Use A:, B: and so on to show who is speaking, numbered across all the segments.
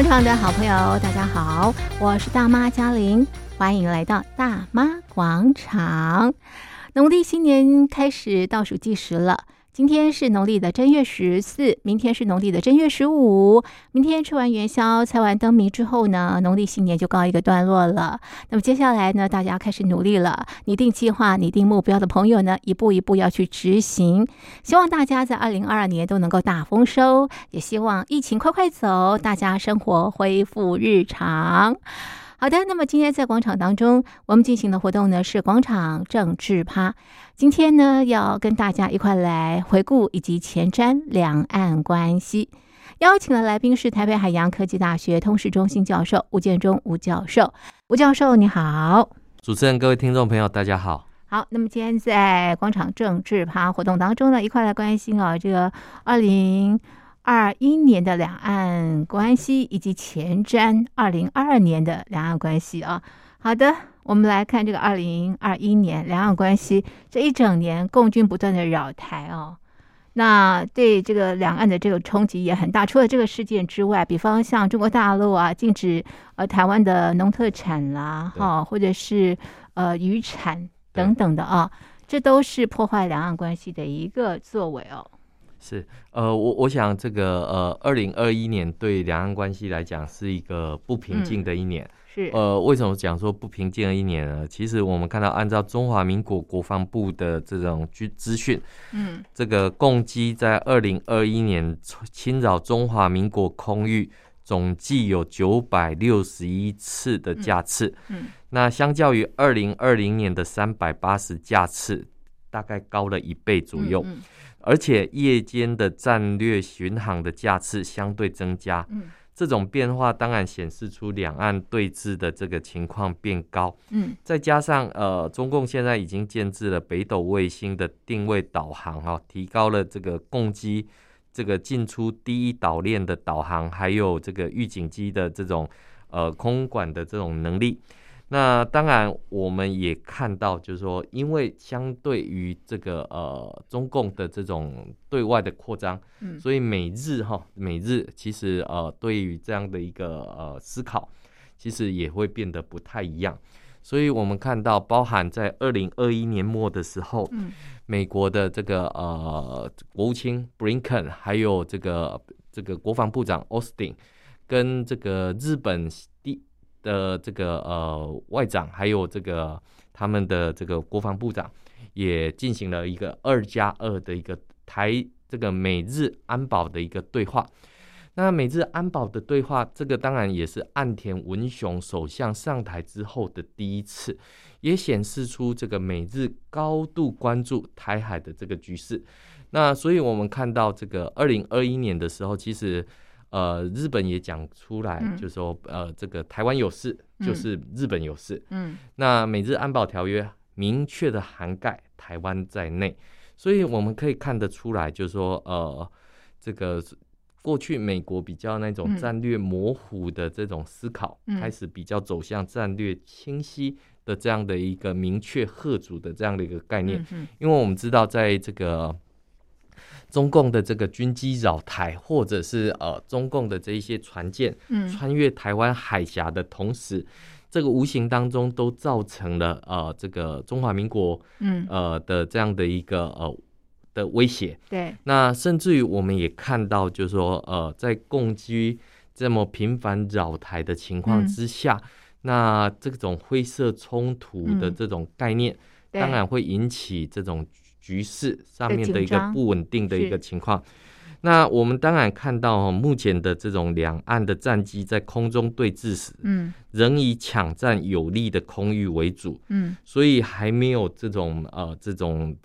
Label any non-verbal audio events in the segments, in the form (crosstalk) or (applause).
A: 廣場的好朋友，大家好，我是大媽嘉玲，歡迎來到大媽廣場。農曆新年開始倒數計時了。今天是農曆的正月十四，明天是農曆的正月十五。明天吃完元宵、猜完燈謎之後呢，農曆新年就告一個段落了。那麼接下來呢，大家開始努力了。擬定計劃、擬定目標的朋友呢，一步一步要去執行。希望大家在二零二二年都能夠大豐收，也希望疫情快快走，大家生活恢復日常。好的，那麼今天在廣場當中，我們進行的活動呢是廣場政治趴。今天呢，要跟大家一塊來回顧以及前瞻兩岸關係。邀請的來賓是台北海洋科技大學通識中心教授吳建忠吳教授。吳教授，你好！
B: 主持人，各位聽眾朋
A: 友，大家好。好，那麼今天在廣場政治趴活動當中呢，一塊來關心啊、哦、這個二零。二一年的兩岸關係以及前瞻二零二二年的兩岸關係啊，好的，我們來看這個二零二一年兩岸關係這一整年，共軍不斷的擾台哦，那對這個兩岸的這個衝擊也很大。除了這個事件之外，比方像中國大陸啊，禁止呃臺灣的農特產啦，哈，或者是呃漁產等等的啊，這都是破壞兩岸關係的一個作為哦。
B: 是，呃，我我想這個，呃，二零二一年對兩岸關係來講是一個不平靜的一年。嗯、是，呃，為什麼講說不平靜的一年呢？其實我們看到，按照中華民國國防部的這種軍資訊，嗯、這個共機在二零二一年侵擾中華民國空域，總計有九百六十一次的架次，嗯嗯、那相較於二零二零年的三百八十架次，大概高了一倍左右。嗯嗯而且夜間的戰略巡航的架次相對增加，嗯，這種變化當然顯示出兩岸對峙的這個情況變高，嗯，再加上呃，中共現在已經建制了北斗衛星的定位導航，哦，提高了這個共機這個進出第一島鏈的導航，還有這個預警機的這種呃空管的這種能力。那當然，我們也看到，就是說，因為相對於這個呃中共的這種對外的擴張，所以美日哈美日其實呃對於這樣的一個呃思考，其實也會變得不太一樣。所以我們看到，包含在二零二一年末的時候，美國的這個呃國務卿 Blinken 還有這個這個國防部長 Austin 跟這個日本的這個呃外長，還有這個他們的這個國防部長，也進行了一個二加二的一個台這個美日安保的一個對話。那美日安保的對話，這個當然也是岸田文雄首相上臺之後的第一次，也顯示出這個美日高度關注台海的這個局勢。那所以我們看到，這個二零二一年的時候，其實。呃，日本也講出來就是，就說、嗯、呃，這個台灣有事，就是日本有事。嗯，嗯那美日安保條約明確的涵蓋台灣在內，所以我們可以看得出來，就是說呃，這個過去美國比較那種戰略模糊的這種思考，開始比較走向戰略清晰的這樣的一個明確嚇阻的這樣的一個概念。因為我們知道在這個。中共的這個軍機擾台，或者是呃中共的這一些船艦穿越台灣海峽的同時，嗯、這個無形當中都造成了呃這個中華民國
C: 嗯呃
B: 的這樣的一個呃的威脅。對、嗯。那甚至於我們也看到，就是說呃在共軍這麼頻繁擾台的情況之下，嗯、那這種灰色衝突的這種概念，嗯、當然會引起這種。局勢上面的一個不穩定的一個情況，那我們當然看到，目前的這種兩岸的戰機在空中對峙時，嗯，仍以搶占有利的空域為主，嗯，所以還沒有這種呃這種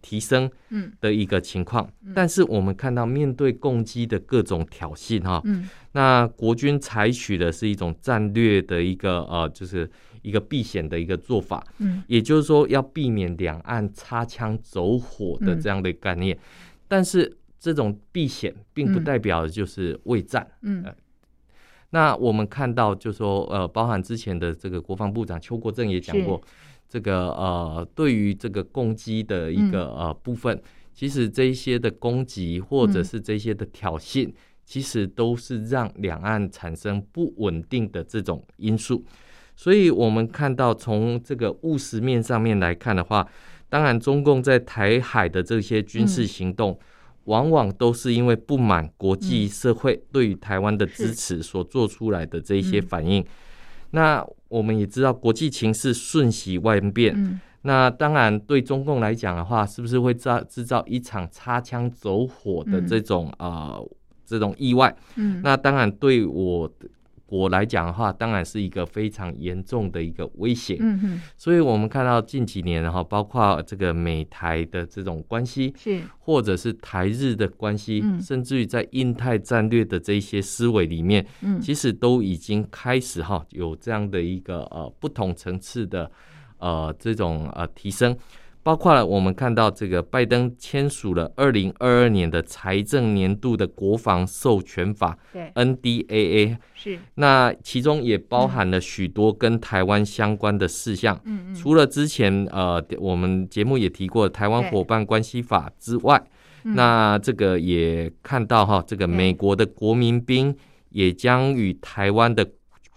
B: 提升嗯的一個情況。但是我們看到，面對共機的各種挑釁哈，嗯，那國軍採取的是一種戰略的一個呃，就是。一個避險的一個做法，嗯，也就是說要避免兩岸擦槍走火的這樣的概念，嗯、但是這種避險並不代表就是畏戰，嗯，嗯，嗯，那我們看到就是說呃，包含之前的這個國防部長邱國正也講過，是這個呃，對於這個攻擊的一個、嗯、呃部分，其實這一些的攻擊或者是這些的挑釁，嗯、其實都是讓兩岸產生不穩定的這種因素。所以，我們看到從這個務實面上面來看的話，當然，中共在台海的這些軍事行動，嗯、往往都是因為不滿國際社會對於台灣的支持所做出來的這一些反應。嗯、那我們也知道，國際情勢瞬息萬變。嗯、那當然，對中共來講的話，是不是會造製造一場擦槍走火的這種啊、嗯呃，這種意外？嗯、那當然，對我。我來講的話，當然是一個非常嚴重的一個威脅。嗯嗯，所以我們看到近幾年，包括這個美台的這種關係，是或者是台日的關係，甚至於在印太戰略的這些思維裡面，其實都已經開始哈有這樣的一個呃不同層次的這種呃提升。包括了我們看到這個拜登簽署了二零二二年的財政年度的國防授權法 AA, 對，對，NDAA 是。那其中也包含了許多跟台灣相關的事項。嗯。除了之前呃，我們節目也提過台灣夥伴關係法之外，對那這個也看到哈，這個美國的國民兵也將與台灣的。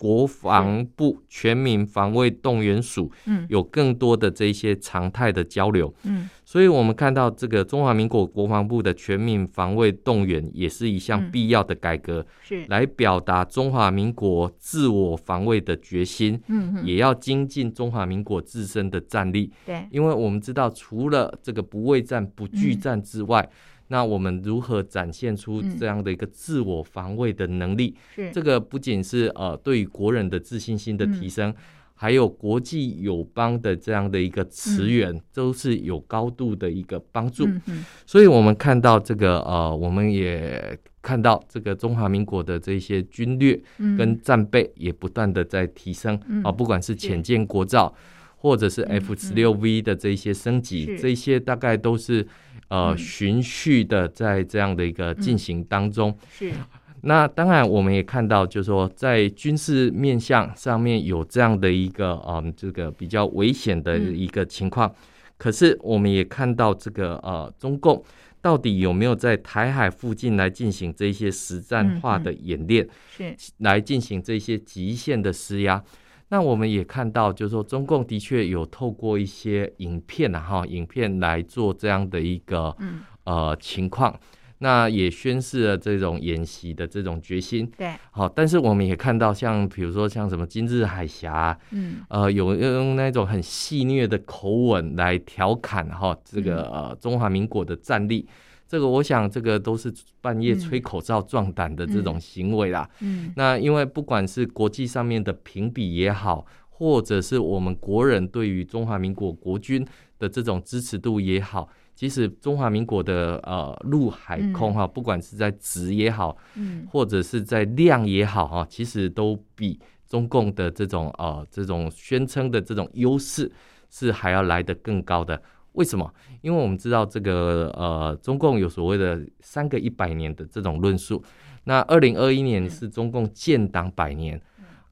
B: 國防部全民防衛動員署，嗯，有更多的這些常態的交流，嗯，所以我們看到這個中華民國國防部的全民防衛動員也是一項必要的改革，嗯、來表達中華民國自我防衛的決心，嗯、哼也要精進中華民國自身的戰力，對，因為我們知道除了這個不畏戰不懼戰之外。嗯那我們如何展現出這樣的一個自我防衛的能力？嗯、這個不僅是呃對於國人的自信心的提升，嗯、還有國際友邦的這樣的一個馳援，嗯、都是有高度的一個幫助。嗯嗯、所以，我們看到這個呃，我們也看到這個中華民國的這些軍略跟戰備也不斷的在提升、嗯、啊，不管是潛艦國造、嗯、或者是 F 十六 V 的這些升級，嗯嗯、這些大概都是。呃，循序的在這樣的一個進行當中，嗯、是。那當然，我們也看到，就是說，在軍事面向上面有這樣的一個，嗯，這個比較危險的一個情況。嗯、可是，我們也看到這個，呃，中共到底有沒有在台海附近來進行這些實戰化的演練、嗯嗯？是，來進行這些極限的施壓。那我們也看到，就是說，中共的確有透過一些影片啊，哈，影片來做這樣的一個，嗯、呃，情況。那也宣示了這種演習的這種決心，對。好，但是我們也看到，像比如說，像什麼今日海峽、啊，嗯，呃，有用那種很戲謔的口吻來調侃哈、呃，這個呃中華民國的戰力。嗯。這個我想，這個都是半夜吹口哨壯膽的這種行為啦嗯。嗯，嗯，那因為不管是國際上面的評比也好，或者是我們國人對於中華民國國軍的這種支持度也好，其實中華民國的呃陸海空哈、啊，嗯、不管是在質也好，嗯，或者是在量也好哈、啊，其實都比中共的這種呃這種宣稱的這種優勢是還要來得更高的。為什麼？因為我們知道這個呃，中共有所謂的三個一百年的這種論述。那二零二一年是中共建黨百年，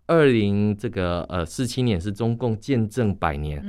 B: 二零這個呃四七年是中共建政百年，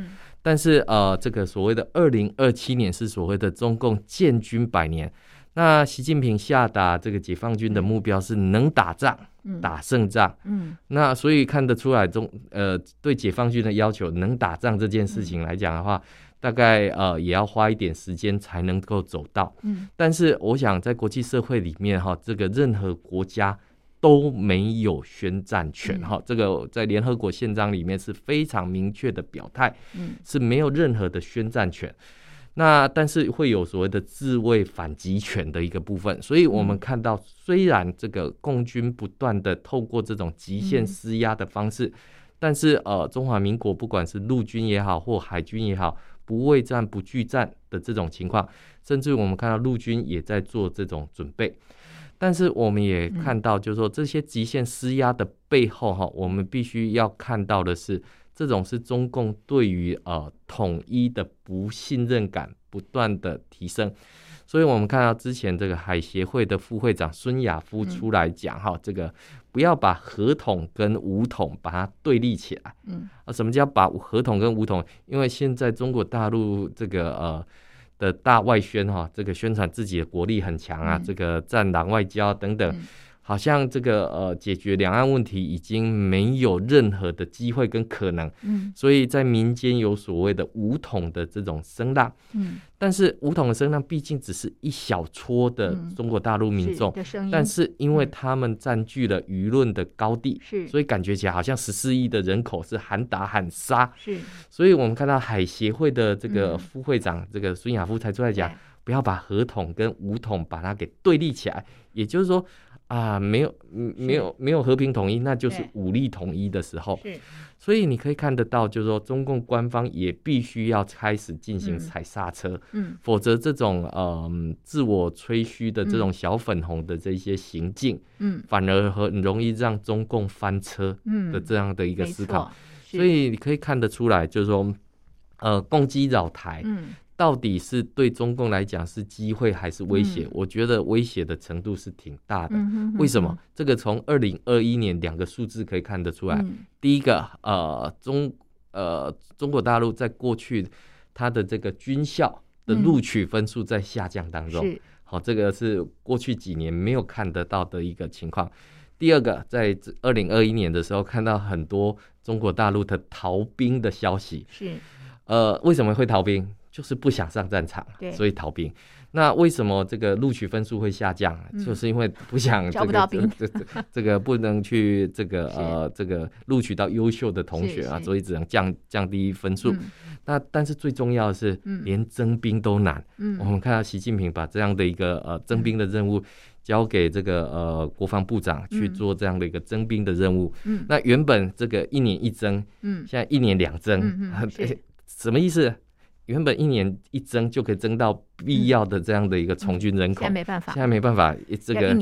B: 但是呃，這個所謂的二零二七年是所謂的中共建軍百年。那習近平下達這個解放軍的目標是能打仗，打勝仗。嗯嗯。那所以看得出來中呃對解放軍的要求，能打仗這件事情來講的話。嗯大概呃，也要花一點時間才能夠走到。嗯，但是我想在國際社會裡面哈，這個任何國家都沒有宣戰權、嗯、哈。這個在聯合國憲章裡面是非常明確的表態，嗯、是沒有任何的宣戰權。那但是會有所謂的自衛反擊權的一個部分。所以我們看到，雖然這個共軍不斷的透過這種極限施壓的方式，嗯、但是呃，中華民國不管是陸軍也好或海軍也好。不畏戰不懼戰的這種情況，甚至我們看到陸軍也在做這種準備，但是我們也看到，就是說這些極限施壓的背後，哈，我們必須要看到的是，這種是中共對於呃統一的不信任感不斷的提升，所以我們看到之前這個海協會的副會長孫亞夫出來講，哈，這個。不要把和統跟武統把它對立起來。嗯啊，什麼叫把和統跟武統？因為現在中國大陸這個呃的大外宣哈，這個宣傳自己的國力很強啊，這個戰狼外交等等。好像這個呃，解決兩岸問題已經沒有任何的機會跟可能，嗯，所以在民間有所謂的武統的這種聲浪，嗯，但是武統的聲浪畢竟只是一小撮的中國大陸民眾、嗯、是的聲音，但是因為他們佔據了輿論的高地，嗯、是，所以感覺起來好像十四億的人口是喊打喊殺，是，所以我們看到海協會的這個副會長、嗯、這個孫亞夫才出來講，哎、不要把和統跟武統把它給對立起來，也就是說。啊，沒有，沒有，是沒有和平統一，那就是武力統一的時候。所以你可以看得到，就是說中共官方也必須要開始進行踩剎車，嗯，嗯否則這種呃自我吹噓的這種小粉紅的這些行徑，嗯，反而很容易讓中共翻車的這樣的一個思考。嗯、所以你可以看得出來，就是說，呃，共機擾台。嗯到底是對中共來講是機會還是威脅？嗯、我覺得威脅的程度是挺大的。嗯、哼哼哼。為什麼？這個從二零二一年兩個數字可以看得出來。嗯、第一個，呃，中呃中國大陸在過去它的這個軍校的錄取分數在下降當中，好、嗯哦，這個是過去幾年沒有看得到的一個情況。第二個，在二零二一年的時候，看到很多中國大陸的逃兵的消息。是，呃，為什麼會逃兵？就是不想上戰場，對，所以逃兵。那為什麼這個錄取分數會下降？就是因為不想招不到兵，這個這個不能去這個呃這個錄取到優秀的同學啊，所以只能降降低分數。那但是最重要的是，連徵兵都難。嗯，我們看到習近平把這樣的一個呃徵兵的任務交給這個呃國防部長去做這樣的一個徵兵的任務。嗯，那原本這個一年一徵，嗯，現在一年兩徵，嗯，什麼意思？原本一年一徵就可以徵到必要的這樣的一個從軍人口，現在沒辦法，現在沒辦法，這個一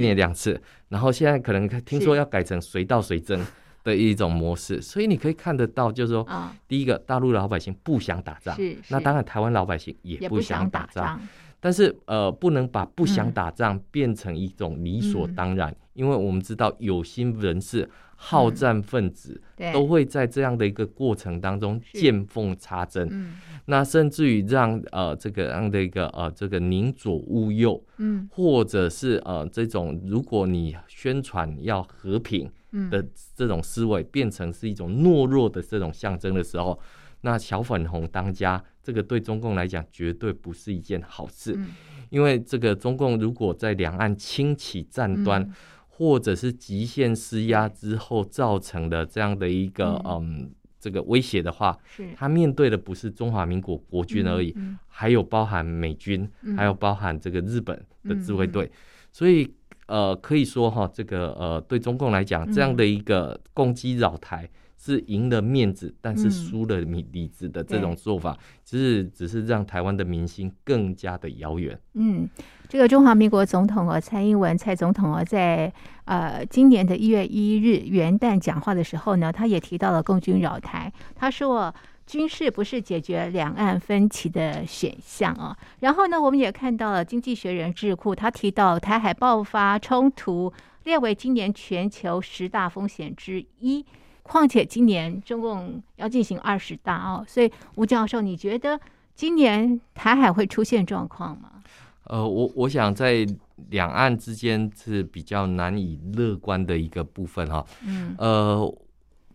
B: 年兩次，然後現在可能聽說要改成隨到隨徵的一種模式，所以你可以看得到，就是說，第一個大陸老百姓不想打仗，那當然台灣老百姓也不想打仗，但是呃，不能把不想打仗變成一種理所當然，因為我們知道有心人士。好戰分子都會在這樣的一個過程當中見縫插針、嗯，嗯、那甚至於讓呃這個樣的一個呃這個寧、呃這個、左勿右，嗯，或者是呃這種如果你宣傳要和平的這種思維變成是一種懦弱的這種象徵的時候，嗯、那小粉紅當家，這個對中共來講絕對不是一件好事，嗯、因為這個中共如果在兩岸輕啟戰端。嗯或者是極限施壓之後造成的這樣的一個嗯,嗯，這個威脅的話，是他它面對的不是中華民國國軍而已，嗯嗯、還有包含美軍，嗯、還有包含這個日本的自衛隊，嗯嗯、所以呃，可以說哈，這個呃，對中共來講，這樣的一個攻擊擾台。嗯嗯是贏了面子，但是輸了裡裡子的這種做法，嗯、只是讓台灣的民心更加的遙遠。
A: 嗯，這個中華民國總統、呃、蔡英文蔡總統呃在呃今年的一月一日元旦講話的時候呢，他也提到了共軍擾台，他說軍事不是解決兩岸分歧的選項啊、哦。然後呢，我們也看到了《經濟學人》智庫，他提到台海爆發衝突列為今年全球十大風險之一。況且今年中共要進行二十大哦，所以吳教授，你覺得今年台海會出現狀況嗎？
B: 呃，我我想在兩岸之間是比較難以樂觀的一個部分哈。嗯，呃。嗯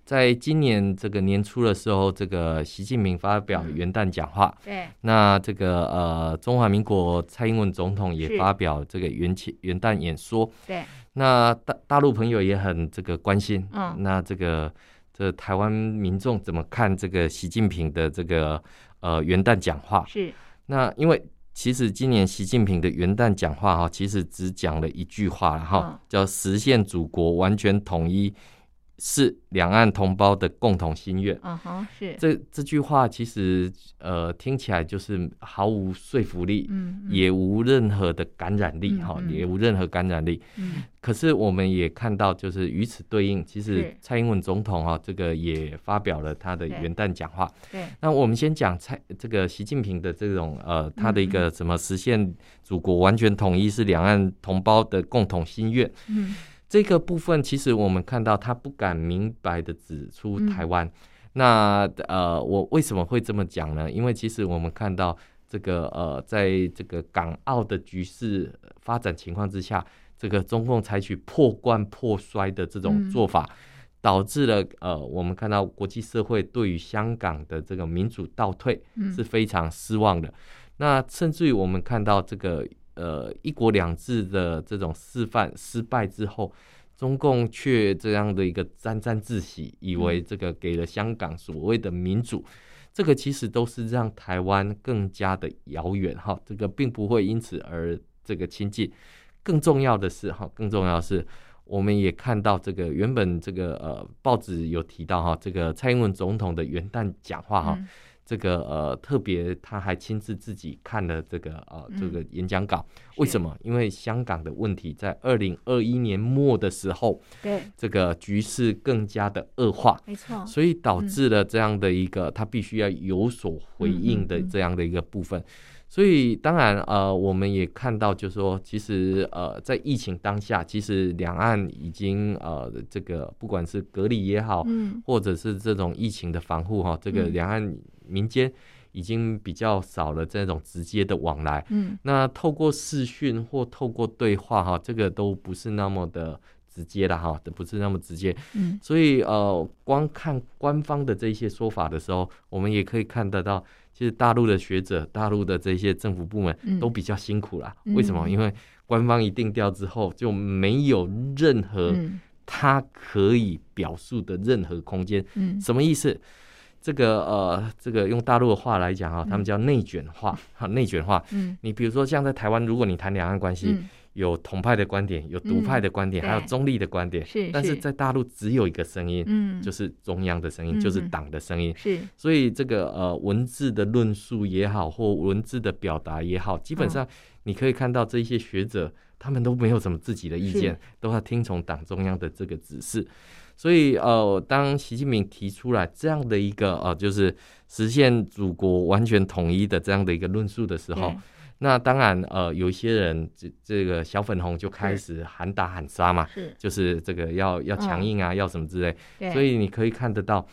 B: 在今年這個年初的時候，這個習近平發表元旦講話。嗯。對。那這個呃，中華民國蔡英文總統也發表這個元氣是元旦演說。對。那大大陸朋友也很這個關心。嗯。那這個這個、台灣民眾怎麼看這個習近平的這個呃元旦講話？是。那因為其實今年習近平的元旦講話哈，其實只講了一句話哈，嗯、叫實現祖國完全統一。是兩岸同胞的共同心願啊哈，uh、huh, 是這這句話其實呃聽起來就是毫無說服力，mm hmm. 也無任何的感染力哈、mm hmm. 哦，也無任何感染力，mm hmm. 可是我們也看到，就是與此對應，其實蔡英文總統哈、啊，是這個也發表了他的元旦講話。對，對那我們先講蔡這個習近平的這種呃，他的一個怎麼實現祖國完全統一是兩岸同胞的共同心願，嗯、mm。Hmm. 這個部分其實我們看到他不敢明白的指出台灣，嗯、那呃，我為什麼會這麼講呢？因為其實我們看到這個呃，在這個港澳的局勢發展情況之下，這個中共採取破罐破摔的這種做法，嗯、導致了呃，我們看到國際社會對於香港的這個民主倒退是非常失望的。嗯、那甚至於我們看到這個。呃，一國兩制的這種示範失敗之後，中共卻這樣的一個沾沾自喜，以為這個給了香港所謂的民主，嗯、這個其實都是讓台灣更加的遙遠哈，這個並不會因此而這個親近。更重要的是哈，更重要的是我們也看到這個原本這個呃報紙有提到哈，這個蔡英文總統的元旦講話哈。嗯這個呃，特別他還親自自己看了這個呃這個演講稿，為什麼？因為香港的問題在二零二一年末的時候，對這個局勢更加的惡化，沒錯，所以導致了這樣的一個他必須要有所回應的這樣的一個部分。所以當然呃，我們也看到，就是說，其實呃，在疫情當下，其實兩岸已經呃這個不管是隔離也好，嗯，或者是這種疫情的防護哈，這個兩岸。民間已經比較少了這種直接的往來，嗯，那透過視訊或透過對話哈，這個都不是那麼的直接了哈，都不是那麼直接，嗯，所以呃，光看官方的這些說法的時候，我們也可以看得到，其實大陸的學者、大陸的這些政府部門都比較辛苦啦。嗯，為什麼？因為官方一定調之後，就沒有任何他可以表述的任何空間，嗯，什麼意思？這個呃，這個用大陸的話來講啊，他們叫內捲化，哈，內捲化。嗯。你比如說，像在台灣，如果你談兩岸關係，有統派的觀點，有獨派的觀點，還有中立的觀點。是。但是在大陸只有一個聲音，嗯，就是中央的聲音，就是黨的聲音。是。所以這個呃，文字的論述也好，或文字的表達也好，基本上你可以看到這些學者，他們都沒有什麼自己的意見，都要聽從黨中央的這個指示。所以，呃，當習近平提出來這樣的一個呃，就是實現祖國完全統一的這樣的一個論述的時候，對那當然，呃，有一些人這這個小粉紅就開始喊打喊殺嘛，是，是就是這個要要強硬啊，哦、要什麼之類。對所以你可以看得到，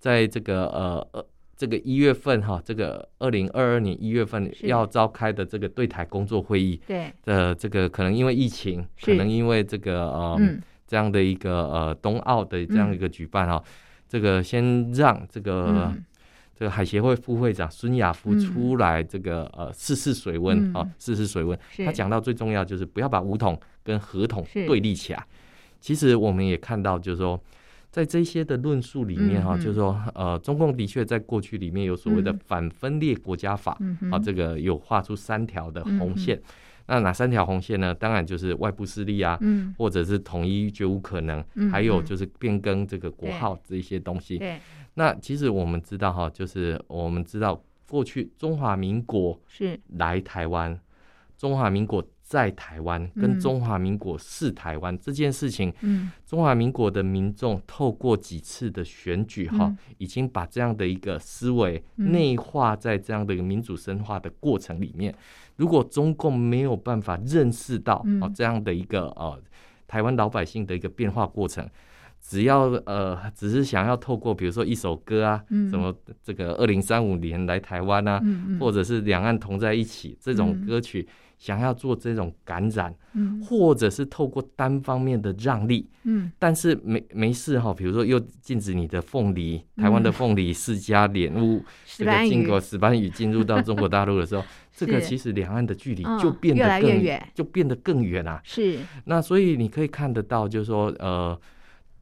B: 在這個呃呃，這個一月份哈、啊，這個二零二二年一月份要召開的這個對台工作會議，對，的、呃、這個可能因為疫情，是可能因為這個呃。嗯這樣的一個呃，冬奧的這樣一個舉辦哈、啊，嗯、這個先讓這個、嗯、這個海協會副會長孫亞夫出來，這個、嗯、呃，試試水溫啊，試試水溫。嗯、他講到最重要就是不要把武統跟和統對立起來。是其實我們也看到，就是說在這些的論述裡面哈、啊，嗯嗯、就是說呃，中共的確在過去裡面有所謂的反分裂國家法啊，嗯嗯嗯、這個有畫出三條的紅線。嗯嗯那哪三條紅線呢？當然就是外部勢力啊，嗯、或者是統一絕無可能，嗯、還有就是變更這個國號這一些東西。那其實我們知道哈，就是我們知道過去中華民國是來台灣，是中華民國。在台灣跟中華民國是台灣這件事情，中華民國的民眾透過幾次的選舉哈，已經把這樣的一個思維內化在這樣的一個民主深化的過程裡面。如果中共沒有辦法認識到啊這樣的一個啊台灣老百姓的一個變化過程，只要呃只是想要透過比如說一首歌啊，什麼這個二零三五年來台灣啊，或者是兩岸同在一起這種歌曲，想要做這種感染，嗯、或者是透過單方面的讓利，嗯，但是沒沒事哈，比如說又禁止你的鳳梨，嗯、台灣的鳳梨釋蓮、釋迦蓮霧這個進口石斑魚進入到中國大陸的時候， (laughs) 是這個其實兩岸的距離就變得更遠，嗯、越來越遠就變得更遠啊。是，那所以你可以看得到，就是說，呃，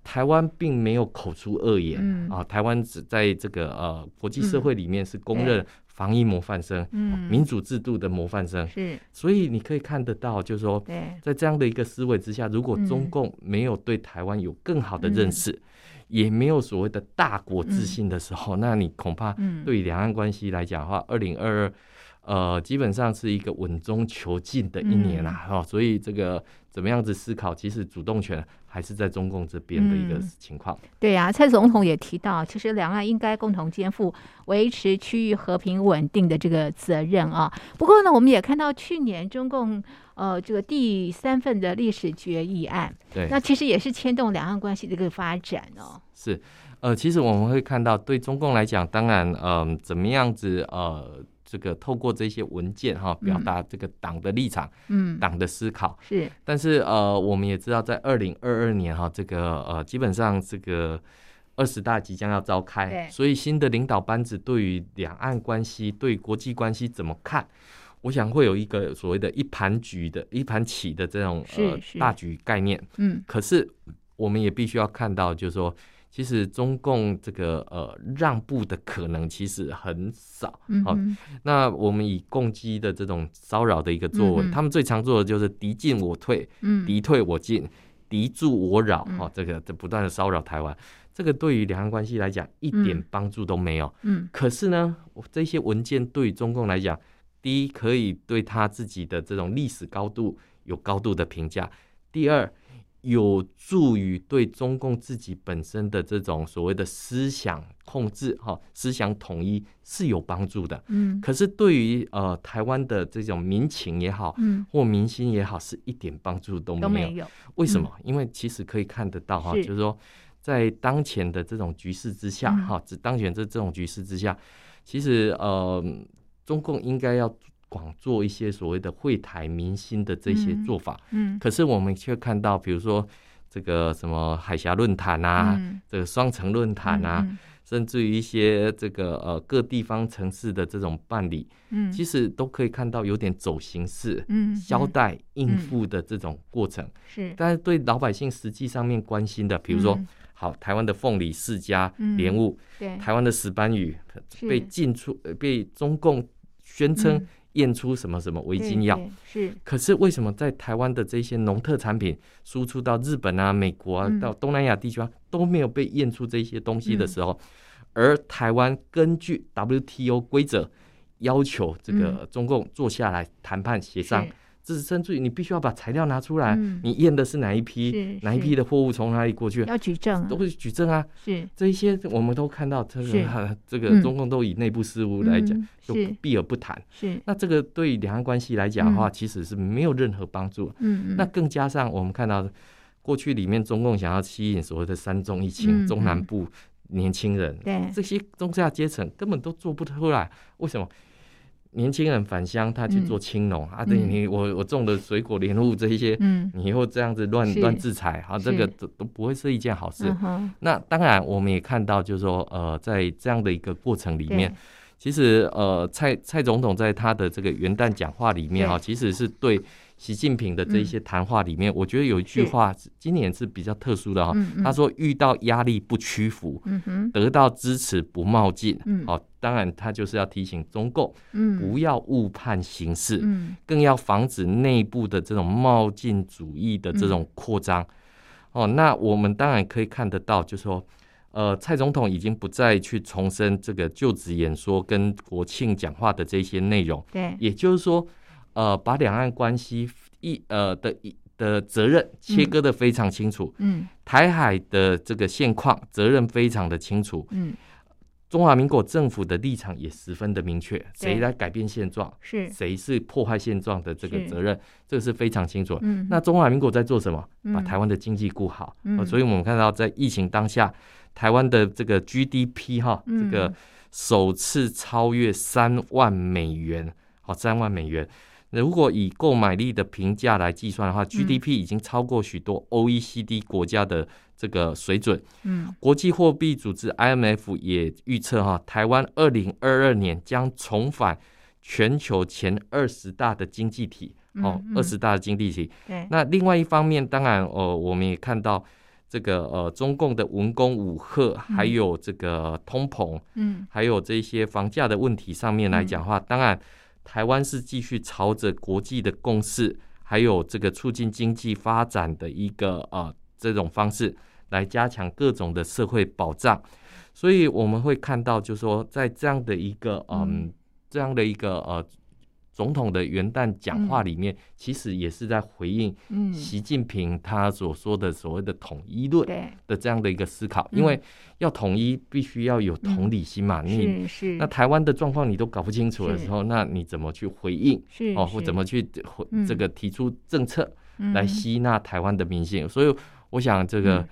B: 台灣並沒有口出惡言、嗯、啊，台灣只在這個呃國際社會裡面是公認、嗯。防疫模範生，嗯、民主制度的模範生，是所以你可以看得到，就是說，在這樣的一個思維之下，對如果中共沒有對台灣有更好的認識，嗯、也沒有所謂的大國自信的時候，嗯、那你恐怕對兩岸關係來講的話，二零二二。呃，基本上是一個穩中求進的一年啊。哈、嗯哦，所以這個怎麼樣子思考，其實主動權還是在中共這邊的一個情況。嗯、
A: 對呀、啊，蔡總統也提到，其實兩岸應該共同肩負維持區域和平穩定的這個責任啊。不過呢，我們也看到去年中共呃這個第三份的歷史決議案，對，那其實也是牽動兩岸關係的一個發展哦。
B: 是，呃，其實我們會看到，對中共來講，當然，嗯、呃，怎麼樣子，呃。這個透過這些文件哈，表達這個黨的立場，嗯，黨、嗯、的思考是。但是呃，我們也知道在年，在二零二二年哈，這個呃，基本上這個二十大即將要召開，對，所以新的領導班子對於兩岸關係、對國際關係怎麼看，我想會有一個所謂的一盤局的一盤棋的這種呃是是大局概念，嗯。可是我們也必須要看到，就是說。其實中共這個呃讓步的可能其實很少，好、嗯哼哦，那我們以共機的這種騷擾的一個作為，嗯、哼他們最常做的就是敵進我退，敵、嗯、退我進，敵駐我擾，哈、哦，這個這不斷的騷擾台灣，嗯、這個對於兩岸關係來講一點幫助都沒有，嗯，可是呢，這些文件對中共來講，第一可以對他自己的這種歷史高度有高度的評價，第二。有助於對中共自己本身的這種所謂的思想控制，哈，思想統一是有幫助的。嗯，可是對於呃台灣的這種民情也好，或民心也好，是一點幫助都沒有。沒有。為什麼？因為其實可以看得到，哈，就是說，在當前的這種局勢之下，哈，只當前這這種局勢之下，其實呃，中共應該要。廣做一些所謂的惠台民心的這些做法，嗯，可是我們卻看到，比如說這個什麼海峽論壇啊，這個雙城論壇啊，甚至於一些這個呃各地方城市的這種辦理，嗯，其實都可以看到有點走形式、嗯，交代應付的這種過程，是。但是對老百姓實際上面關心的，比如說好台灣的鳳梨釋迦、蓮霧，對台灣的石斑魚被進出被中共宣稱驗出什麼什麼違禁藥是，可是為什麼在台灣的這些農特產品輸出到日本啊、美國啊、到東南亞地區啊，嗯、都沒有被驗出這些東西的時候，嗯、而台灣根據 WTO 規則要求這個中共坐下來談判協商。嗯嗯甚至甚至，你必須要把材料拿出來，嗯、你驗的是哪一批，哪一批的貨物從哪裡過去，要舉證，都會舉證啊。是，啊是這一些，我們都看到，這個、啊、是這個中共都以內部事務來講，都避而不談、嗯。是那這個對兩岸關係來講的話，其實是沒有任何幫助。嗯那更加上，我們看到過去裡面，中共想要吸引所謂的“三中一青”嗯、中南部年輕人，嗯、這些中下階層根本都做不出來。為什麼？年輕人返鄉，他去做青農、嗯、啊！對你，嗯、我我種的水果、蓮霧這一些，嗯、你以後這樣子亂亂、嗯、制裁是啊，這個都都不會是一件好事。嗯、哼那當然，我們也看到，就是說，呃，在這樣的一個過程裡面，對其實呃，蔡蔡總統在他的這個元旦講話裡面啊，對其實是對。習近平的這些談話裡面，嗯、我覺得有一句話是今年是比較特殊的哈、哦。嗯嗯、他說：“遇到壓力不屈服，嗯、哼得到支持不冒進。嗯”哦，當然他就是要提醒中共不要誤判形勢，嗯、更要防止內部的這種冒進主義的這種擴張。嗯、哦，那我們當然可以看得到，就是說，呃，蔡總統已經不再去重申這個就職演說跟國慶講話的這些內容。對，也就是說。呃，把兩岸關係一呃的一的責任切割得非常清楚，嗯，嗯台海的這個現況責任非常的清楚，嗯，中華民國政府的立場也十分的明確，誰來改變現狀是，誰對是破壞現狀的這個責任，是這個是非常清楚。嗯，那中華民國在做什麼？把台灣的經濟顧好、嗯哦，所以我們看到在疫情當下，台灣的這個 GDP 哈，嗯、這個首次超越三萬美元，好、哦，三萬美元。如果以購買力的評價來計算的話，GDP 已經超過許多 OECD 國家的這個水準。嗯，國際貨幣組織 IMF 也預測哈，台灣二零二二年將重返全球前二十大的經濟體。哦，二十大的經濟體，啊。那另外一方面，當然哦，呃，我們也看到這個呃，中共的文攻武嚇，還有這個通膨，還有這些房價的問題上面來講的話，當然。台灣是繼續朝着國際的共識，還有這個促進經濟發展的一個呃這種方式來加強各種的社會保障，所以我們會看到，就是說在這樣的一個嗯，嗯這樣的一個呃。總統的元旦講話裡面，嗯、其實也是在回應習近平他所說的所謂的統一論的這樣的一個思考，嗯、因為要統一，必須要有同理心嘛。嗯、你是，是，那台灣的狀況你都搞不清楚的時候，是那你怎麼去回應？是哦是、啊，或怎麼去這個提出政策來吸納台灣的民心。嗯、所以，我想這個。嗯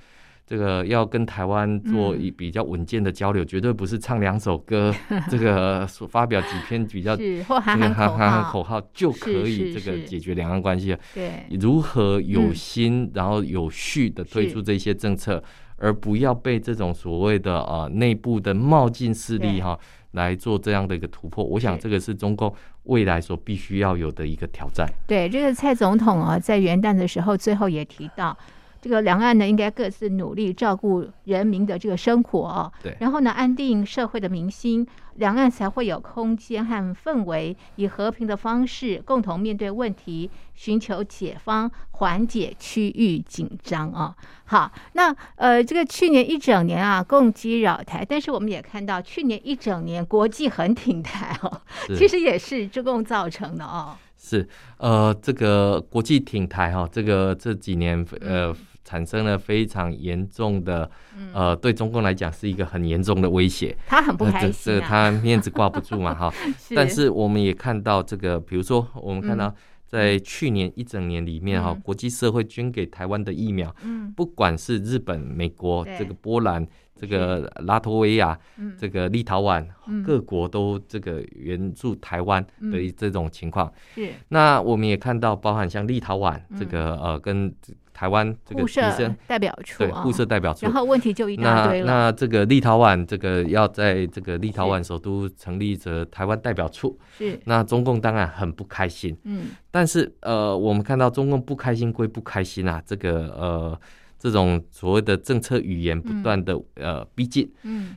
B: 這個要跟台灣做一比較穩健的交流，嗯、絕對不是唱兩首歌，這個所發表幾篇比較那個喊喊口號就可以這個解決兩岸關係。對，如何有心然後有序的推出這些政策，嗯、而不要被這種所謂的啊內部的冒進勢力哈、啊、來做這樣的一個突破，是是 我想這個是中共未來所必須要有的一個挑戰。
A: 對，這個蔡總統啊，在元旦的時候最後也提到。這個兩岸呢，應該各自努力照顧人民的這個生活，哦，對，然後呢，安定社會的民心，兩岸才會有空間和氛圍，以和平的方式共同面對問題，尋求解方，緩解區域緊張啊、哦。好，那呃，這個去年一整年啊，共機擾台，但是我們也看到去年一整年國際很挺台哦，是其實也是中共造成的哦。
B: 是，呃，這個國際挺台哈、哦，這個這幾年呃，產生了非常嚴重的，呃，對中共來講是一個很嚴重的威脅。他很不開心，這他面子掛不住嘛，哈。但是我們也看到這個，比如說我們看到在去年一整年裡面，哈，國際社會捐給台灣的疫苗，不管是日本、美國、這個波蘭、這個拉脫維亞、這個立陶宛，各國都這個援助台灣的這種情況。是。那我們也看到，包含像立陶宛這個，呃，跟台灣這個提升代表處，對，互設代表處，啊，然後問題就一大堆了。那那這個立陶宛這個要在這個立陶宛首都成立着台灣代表處，是。那中共當然很不開心。嗯是，但是呃，我們看到中共不開心歸不開心啊，這個呃。這種所謂的政策語言不斷的呃逼近。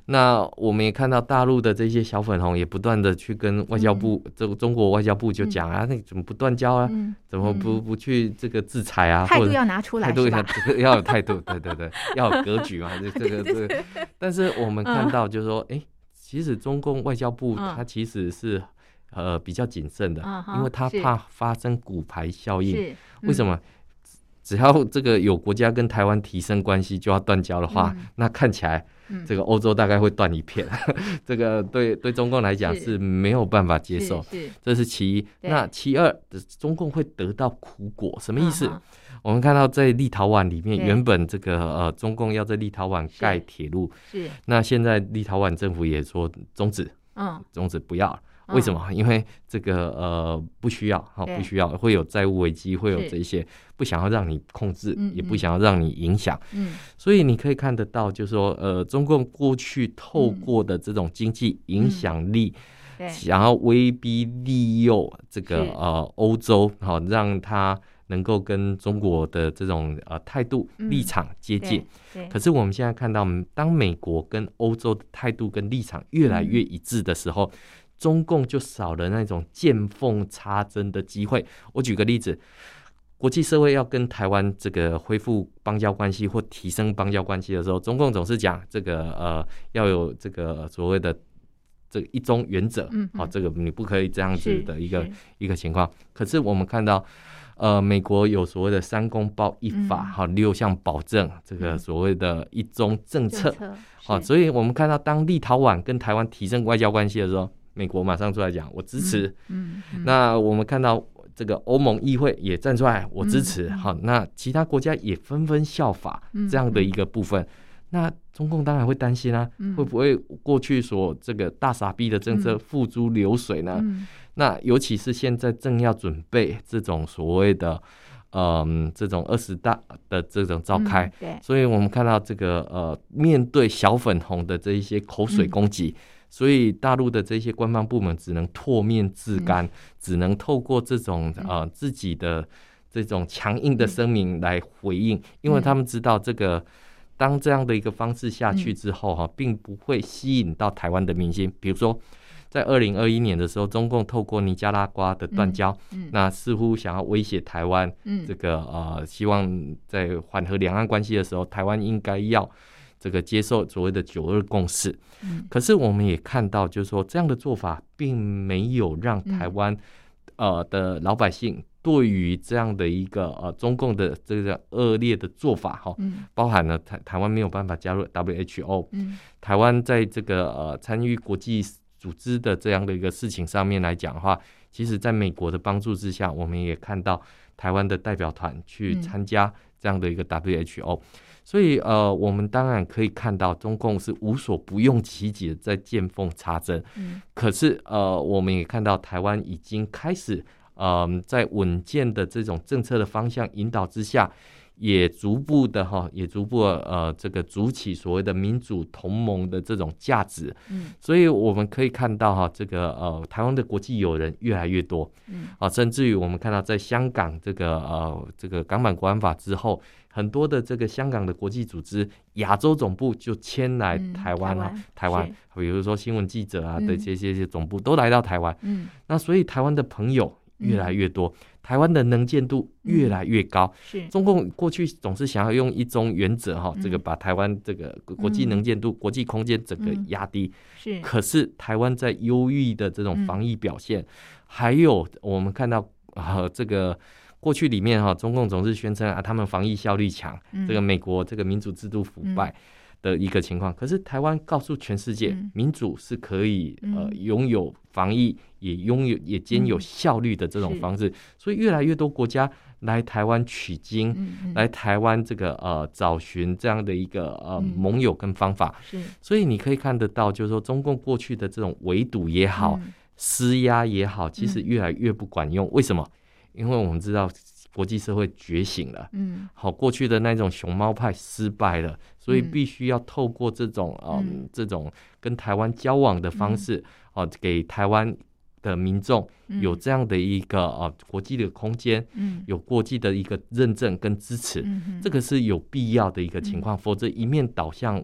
B: 那我們也看到大陸的這些小粉紅也不斷的去跟外交部這個中國外交部就講啊，那怎麼不斷交啊？怎麼不不去這個制裁啊？態度要拿出來，態度要有態度，對對對，要有格局嘛，對對對是但是我們看到就是說，哎，其實中共外交部它，其實是呃比較謹慎的，因為它怕發生骨牌效應。是為什麼？只要這個有國家跟台灣提升關係就要斷交的話，嗯、那看起來這個歐洲大概會斷一片，嗯、 (laughs) 這個對對中共來講是沒有辦法接受，是是是這是其一。對那其二，中共會得到苦果，什麼意思？嗯、我們看到在立陶宛裡面，原本這個對呃中共要在立陶宛蓋鐵路，是，是那現在立陶宛政府也說終止，嗯，終止不要了。為什麼？因為這個呃，不需要哈，不需要對會有債務危機，會有這些是不想要讓你控制，嗯嗯、也不想要讓你影響。嗯，所以你可以看得到，就是說呃，中共過去透過的這種經濟影響力，嗯嗯、
C: 想
B: 要威逼利誘這個是呃歐洲，好、哦、讓他能夠跟中國的這種呃態度、嗯、立場接近。可是我們現在看到，當美國跟歐洲的態度跟立場越來越一致的時候。嗯中共就少了那種見縫插針的機會。我舉個例子，國際社會要跟台灣這個恢復邦交關係或提升邦交關係的時候，中共總是講這個呃要有這個所謂的這一中原則，嗯，好，這個你不可以這樣子的一個一個情況。可是我們看到，呃，美國有所謂的三公報一法，好，六項保證，這個所謂的一中政策，好，所以我們看到當立陶宛跟台灣提升外交關係的時候。美國馬上出來講，我支持。嗯嗯嗯、那我們看到這個歐盟議會也站出來，我支持。好、嗯，那其他國家也紛紛效法這樣的一個部分。嗯嗯、那中共當然會擔心啊，嗯、會不會過去說這個大傻逼的政策付諸流水呢？嗯嗯、那尤其是現在正要準備這種所謂的，嗯、呃，這種二十大的這種召開。嗯、對，所以我們看到這個呃，面對小粉紅的這一些口水攻擊。嗯嗯所以大陸的這些官方部門只能唾面自乾，嗯、只能透過這種、嗯、呃自己的這種強硬的聲明來回應，嗯、因為他們知道這個當這樣的一個方式下去之後哈、啊，嗯、並不會吸引到台灣的民心。嗯、比如說，在二零二一年的時候，中共透過尼加拉瓜的斷交，嗯嗯、那似乎想要威脅台灣，嗯、這個呃希望在緩和兩岸關係的時候，台灣應該要。這個接受所謂的“九二共識”，嗯，可是我們也看到，就是說這樣的做法並沒有讓台灣，呃的老百姓對於這樣的一個呃中共的這個惡劣的做法，哦，哈，嗯，包含了台台灣沒有辦法加入 WHO，嗯，台灣在這個呃參與國際組織的這樣的一個事情上面來講的話，其實在美國的幫助之下，我們也看到台灣的代表團去參加這樣的一個 WHO，嗯。嗯。所以呃，我們當然可以看到，中共是無所不用其極的在見縫插針。嗯、可是呃，我們也看到台灣已經開始呃，在穩健的這種政策的方向引導之下，也逐步的哈、哦，也逐步呃，這個築起所謂的民主同盟的這種價值。嗯、所以我們可以看到哈，這個呃，台灣的國際友人越來越多。嗯，啊，甚至於我們看到在香港這個呃這個港版國安法之後。很多的這個香港的國際組織亞洲總部就遷來台灣了，台灣，比如說新聞記者啊這些些總部都來到台灣，嗯，那所以台灣的朋友越來越多，台灣的能見度越來越高。是，中共過去總是想要用一中原則哈，這個把台灣這個國際能見度、國際空間整個壓低，
C: 是。可
B: 是台灣在優異的這種防疫表現，還有我們看到啊這個。過去裡面哈，中共總是宣稱啊，他們防疫效率強，這個美國這個民主制度腐敗的一個情況。可是台灣告訴全世界，民主是可以呃擁有防疫，也擁有也兼有效率的這種方式。所以越來越多國家來台灣取經，來台灣這個呃找尋這樣的一個呃盟友跟方法。所以你可以看得到，就是說中共過去的這種圍堵也好，施壓也好，其實越來越不管用。為什麼？因為我們知道國際社會覺醒了，嗯，好，過去的那種熊貓派失敗了，所以必須要透過這種啊、嗯呃，這種跟台灣交往的方式，啊、嗯呃，給台灣的民眾有這樣的一個啊、呃，國際的空間，嗯，有國際的一個認證跟支持，嗯哼，這個是有必要的一個情況，嗯哼，否則一面倒向。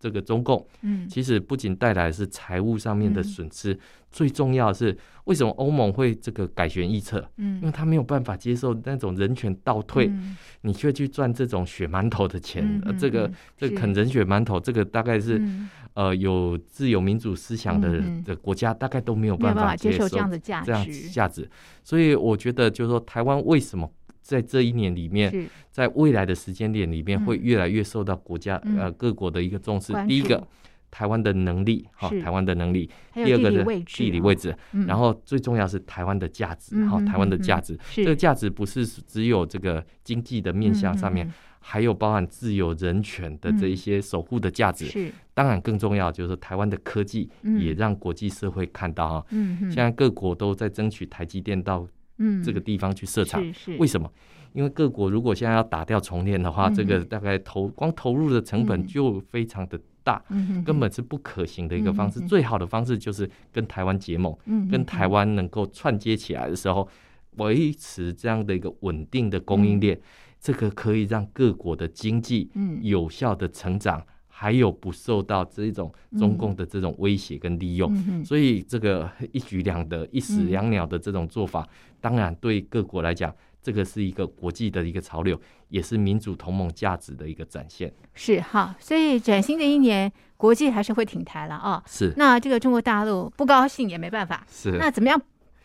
B: 這個中共，嗯、其實不僅帶來是財務上面的損失，嗯、最重要是為什麼歐盟會這個改弦易轍？嗯、因為他沒有辦法接受那種人權倒退，嗯、你卻去賺這種血饅頭的錢，嗯嗯呃、這個是這個啃人血饅頭，這個大概是，嗯、呃，有自由民主思想的、嗯、的國家大概都沒有辦法接受這樣的價這樣子價值，所以我覺得就是說台灣為什麼？在這一年裡面，在未來的時間點裡面，會越來越受到國家呃各國的一個重視。第一個，台灣的能力哈，台灣的能力；第二個是地理位置，然後最重要是台灣的價值，哈，台灣的價值。這個價值不是只有這個經濟的面向上面，還有包含自由人權的這一些守護的價值。是，當然更重要就是說台灣的科技也讓國際社會看到哈。嗯，現在各國都在爭取台積電到。嗯，這個地方去設廠，嗯、為什麼？因為各國如果現在要打掉重練的話，嗯、這個大概投光投入的成本就非常的大，嗯嗯嗯、根本是不可行的一個方式。嗯嗯嗯、最好的方式就是跟台灣結盟，嗯嗯、跟台灣能夠串接起來的時候，維、嗯嗯、持這樣的一個穩定的供應鏈，嗯、這個可以讓各國的經濟，有效的成長。嗯嗯還有不受到這種中共的這種威脅跟利用、嗯，嗯嗯、所以這個一舉兩得、一石兩鳥的這種做法，嗯、當然對各國來講，這個是一個國際的一個潮流，也是民主同盟價值的一個展現。
A: 是哈，所以嶄新的一年，國際還是會挺台了啊、哦。是，那這個中國大陸不高興也沒辦法。是，那怎麼樣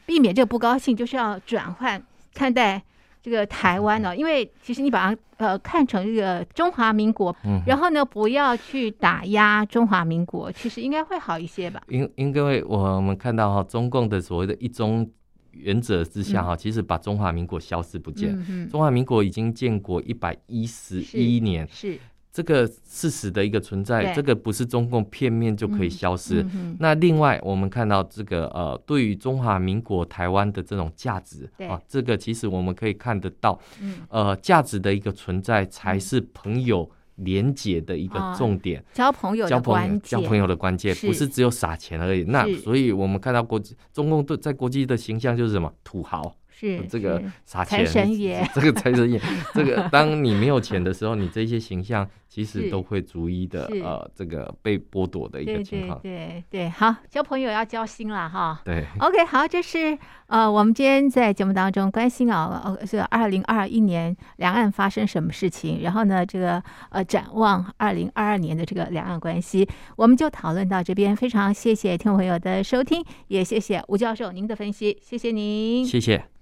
A: 避免這個不高興，就是要轉換看待。這個台灣呢、哦，因為其實你把它呃看成一個中華民國，嗯、哼然後呢，不要去打壓中華民國，其實應該會好一些吧。
B: 因因為各位我們看到哈、啊，中共的所謂的一中原則之下哈、啊，其實把中華民國消失不見，嗯、哼中華民國已經建國一百一十一年是。是這個事實的一個存在，對這個不是中共片面就可以消失。嗯嗯、那另外，我們看到這個呃，對於中華民國台灣的這種價值對啊，這個其實我們可以看得到，嗯、呃，價值的一個存在才是朋友連接的一個重點。交朋友，交朋友，交朋友的關鍵不是只有撒錢而已。是那所以我們看到國際中共對在國際的形象就是什麼土豪。是這個財神爺，這個財神爺， (laughs) 這個當你沒有錢的時候，你這些形象其實都會逐一的呃，這個被剝奪的一個情況。對
A: 對，對對對，好，交朋友要交心了哈。
B: 對
A: ，OK，好，這是呃，我們今天在節目當中關心啊，是二零二一年兩岸發生什麼事情，然後呢，這個呃，展望二零二二年的這個兩岸關係，我們就討論到這邊。非常謝謝聽眾朋友的收聽，也謝謝吳教授您的分析，謝謝您，
C: 謝謝。